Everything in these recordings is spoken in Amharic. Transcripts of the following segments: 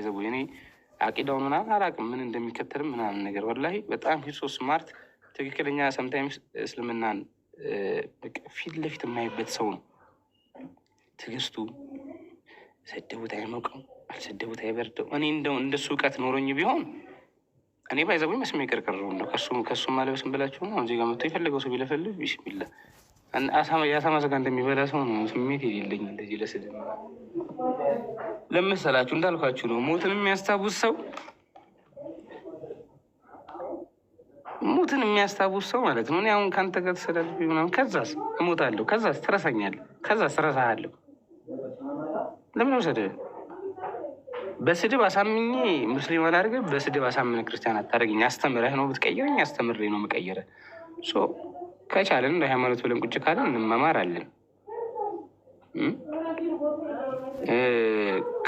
ይዘጉ እኔ አቂዳውን ምናምን አላቅም ምን እንደሚከተልም ምናምን ነገር ወላሂ በጣም ሂሶ ስማርት ትክክለኛ ሰምታይምስ እስልምናን ፊት ለፊት የማይበት ሰው ነው። ትግስቱ ሰደቡት አይሞቀው አልሰደቡት አይበርደው። እኔ እንደው እንደሱ እውቀት ኖሮኝ ቢሆን እኔ ባይዘቡ መስሜ ቅርቅር ነው ከሱ ከሱ ማለበስን ብላችሁ ነው ዜጋ መጥቶ የፈለገው ሰው ቢለፈልግ ቢስሚላ የአሳማ ስጋ እንደሚበላ ሰው ነው ስሜት የሌለኝ እንደዚህ ለስድ ለመሰላችሁ እንዳልኳችሁ ነው። ሞትን የሚያስታውስ ሰው ሞትን የሚያስታውስ ሰው ማለት ነው። እኔ አሁን ከአንተ ጋር ተሰዳድቤ ምናምን ከዛስ እሞታለሁ፣ ከዛስ ትረሳኛለህ፣ ከዛስ ትረሳሃለሁ። ለምን ነው በስድብ አሳምኜ ሙስሊም አላደርግህ፣ በስድብ አሳምነህ ክርስቲያን አታደርገኝ። አስተምረህ ነው ብትቀይረኝ፣ አስተምሬ ነው የምቀይረህ። ከቻለን እንደ ሃይማኖት ብለን ቁጭ ካለን እንመማራለን።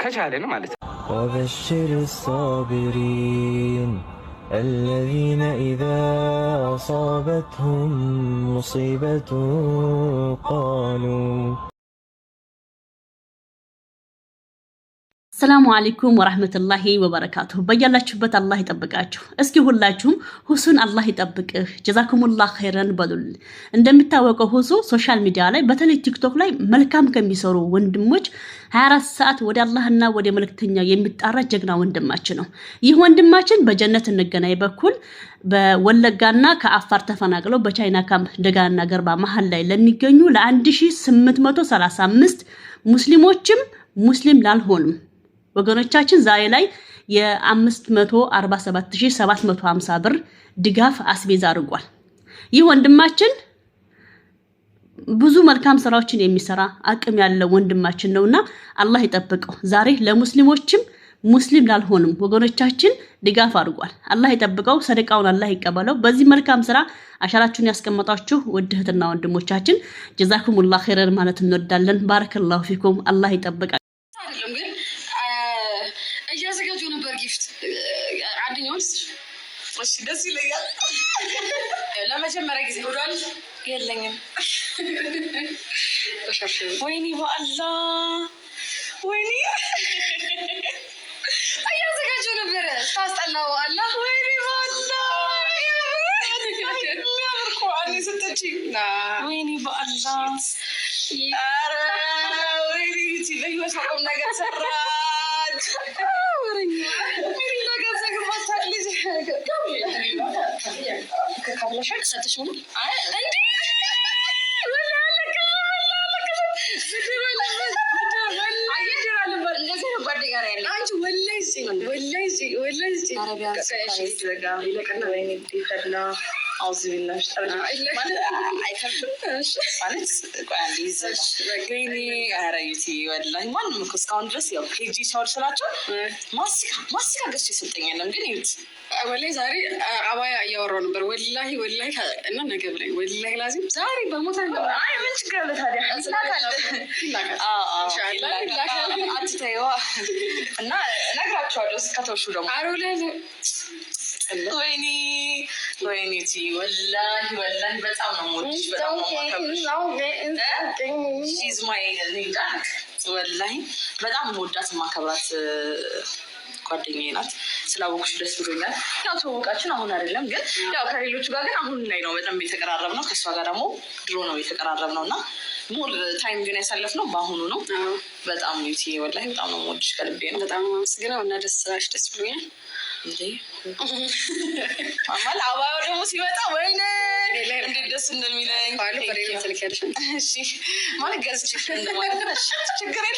ከቻልን ማለት ነው። وبشر الصابرين الذين إذا أصابتهم مصيبة قالوا ሰላሙ አለይኩም ወራህመቱላሂ ወበረካቱሁ። በያላችሁበት አላህ ይጠብቃችሁ። እስኪ ሁላችሁም ሁሱን አላህ ይጠብቅህ ጀዛኩሙላህ ኸይረን በሉል። እንደሚታወቀው ሁሱ ሶሻል ሚዲያ ላይ በተለይ ቲክቶክ ላይ መልካም ከሚሰሩ ወንድሞች 24 ሰዓት ወደ አላህና ወደ መልክተኛ የሚጣራ ጀግና ወንድማችን ነው። ይህ ወንድማችን በጀነት እንገናኝ በኩል በወለጋና ከአፋር ተፈናቅለው በቻይና ካምፕ ደጋና ገርባ መሀል ላይ ለሚገኙ ለ1835 ሙስሊሞችም ሙስሊም ላልሆኑም ወገኖቻችን ዛሬ ላይ የ547750 ብር ድጋፍ አስቤዛ አድርጓል። ይህ ወንድማችን ብዙ መልካም ስራዎችን የሚሰራ አቅም ያለው ወንድማችን ነውና አላህ ይጠብቀው። ዛሬ ለሙስሊሞችም ሙስሊም ላልሆንም ወገኖቻችን ድጋፍ አድርጓል። አላህ ይጠብቀው፣ ሰደቃውን አላህ ይቀበለው። በዚህ መልካም ስራ አሻራችሁን ያስቀመጣችሁ ውድ እህትና ወንድሞቻችን ጀዛኩሙላህ ኸይረን ማለት እንወዳለን። ባረከላሁ ፊኩም። አላህ ይጠብቃል። እሺ፣ ደስ ይለኛል። ለመጀመሪያ ጊዜ ሆዷል። የለኝም። ወይኔ በአላ ወይኔ እያዘጋጀው ነበረ ስታስጠላ በአላ ወይኔ በአላ ወይኔ በአላ ወይኔ በአላ ነገር ሰራ ብለሻል። ሰተሽ ሆነ እንዲ ወላይ ወላይ ወላይ አውዝብላሽ ያረዩት ወላኝ እስካሁን ድረስ ያው ኬጂ ሰዎች ስላቸው ማስካ ማስካ ገዝቶ የሰጠኝ የለም። ግን ይዩት ወላሂ ዛሬ አባያ እያወራው ነበር። ወላሂ ወላሂ እና ነገ ብላኝ ወላሂ ላዚም ዛሬ በሞታ ምን ችግር አለ ታዲያ? አትተይዋ እና እነግራቸዋለሁ። እስከተውሹ ደግሞ ወይኔ ወይኔቲ ወላሂ ወላሂ በጣም ነው የምወድሽ። በጣም ወላሂ በጣም የምወዳት የማከብራት ጓደኛዬ ናት። ስላወቅሽ ደስ ብሎኛል። ያው ተወቃችን አሁን አይደለም ግን ያው ከሌሎቹ ጋር ግን አሁን ላይ ነው በጣም የተቀራረብ ነው። ከእሷ ጋር ደግሞ ድሮ ነው የተቀራረብ ነው እና ሙር ታይም ግን ያሳለፍ ነው በአሁኑ ነው። በጣም ዩቲ ወላሂ በጣም ነው የምወድሽ ከልቤ ነው። በጣም አመስግነው እና ደስ ስራሽ ደስ ብሎኛል። አባያው ደግሞ ሲመጣ ወይኔ እንዴት ደስ እንደሚለኝ ማለት ገዝቼ ችግር የለም።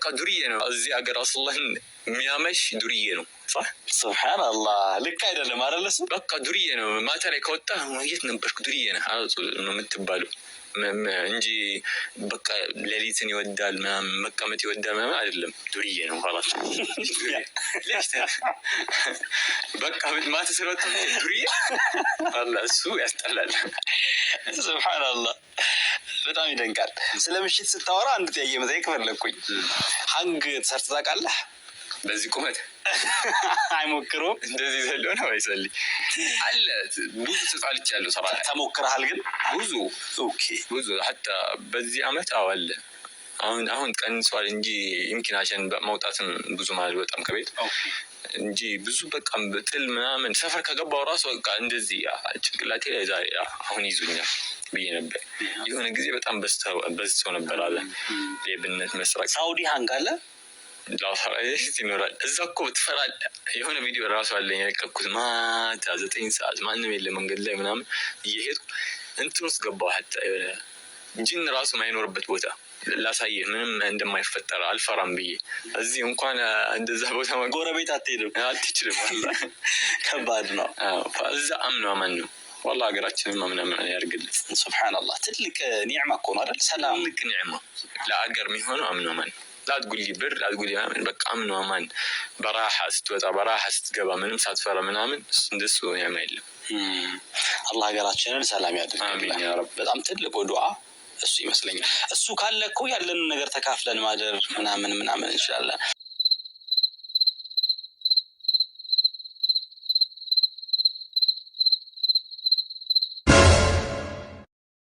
በቃ ዱርዬ ነው። እዚህ ሀገር አስላህን የሚያመሽ ዱርዬ ነው። ይመጣል ስብሓን አላህ ልክ አይደለም አለሱ በቃ ዱርዬ ነው። ማታ ላይ ከወጣ የት ነበርክ ዱርዬ ነህ ነው የምትባሉ እንጂ በቃ ሌሊትን ይወዳል መቀመጥ ይወዳል ምናምን አይደለም። ዱርዬ ነው ኋላት በቃ ማታ ስለወጣ ዱርዬ አላ እሱ ያስጠላል። ስብሓን አላህ በጣም ይደንቃል። ስለ ምሽት ስታወራ አንድ ጥያቄ መጠየቅ ፈለግኩኝ። ሀንግ ተሰርተህ ታውቃለህ? በዚህ ቁመት አይሞክሩም። እንደዚህ ዘሎ ነው አይሰልኝ አለ ብዙ ተጣልች ያለው ሰባ ተሞክረሃል? ግን ብዙ ብዙ ሀታ በዚህ አመት አዋለ አሁን አሁን ቀንሷል እንጂ ኢምኪናሽን አሸን መውጣትም ብዙ ማለት በጣም ከቤት እንጂ ብዙ በቃ ብትል ምናምን ሰፈር ከገባው ራሱ በቃ እንደዚህ ጭንቅላቴ ላይ ዛሬ አሁን ይዙኛል ብዬ ነበር። የሆነ ጊዜ በጣም በዝተው ነበር አለ ሌብነት መስራት ሳውዲ ሀንጋለ ይኖራል እዛ እኮ ትፈራል። የሆነ ቪዲዮ ራሱ አለኝ የለቀኩት ማታ ዘጠኝ ሰዓት ማንም የለ መንገድ ላይ ምናምን እየሄድኩ እንትን ውስጥ ገባሁ። ሀታ ጅን ራሱ ማይኖርበት ቦታ ላሳይህ ምንም እንደማይፈጠር አልፈራም ብዬ እዚህ እንኳን እንደዛ ቦታ ጎረቤት አትሄድም አትችልም። ከባድ ነው። እዛ አምኖ አማን ነው ወላሂ ሀገራችንም ምናምን ያድርግልን። ትልቅ ኒዕማ እኮ ነው አይደል? ሰላም ትልቅ ኒዕማ ለአገር የሚሆነው አምኖ አማን ላትጉሊ ብር ላትጉሊ ምናምን በቃ አምኖ አማን በራሓ ስትወጣ በራሓ ስትገባ ምንም ሳትፈራ ምናምን እንደሱ ኒዕማ የለም። አላህ ሀገራችንን ሰላም ያድርግልን። በጣም ትልቁ ዱዓ እሱ ይመስለኛል። እሱ ካለ እኮ ያለንን ነገር ተካፍለን ማደር ምናምን ምናምን እንችላለን።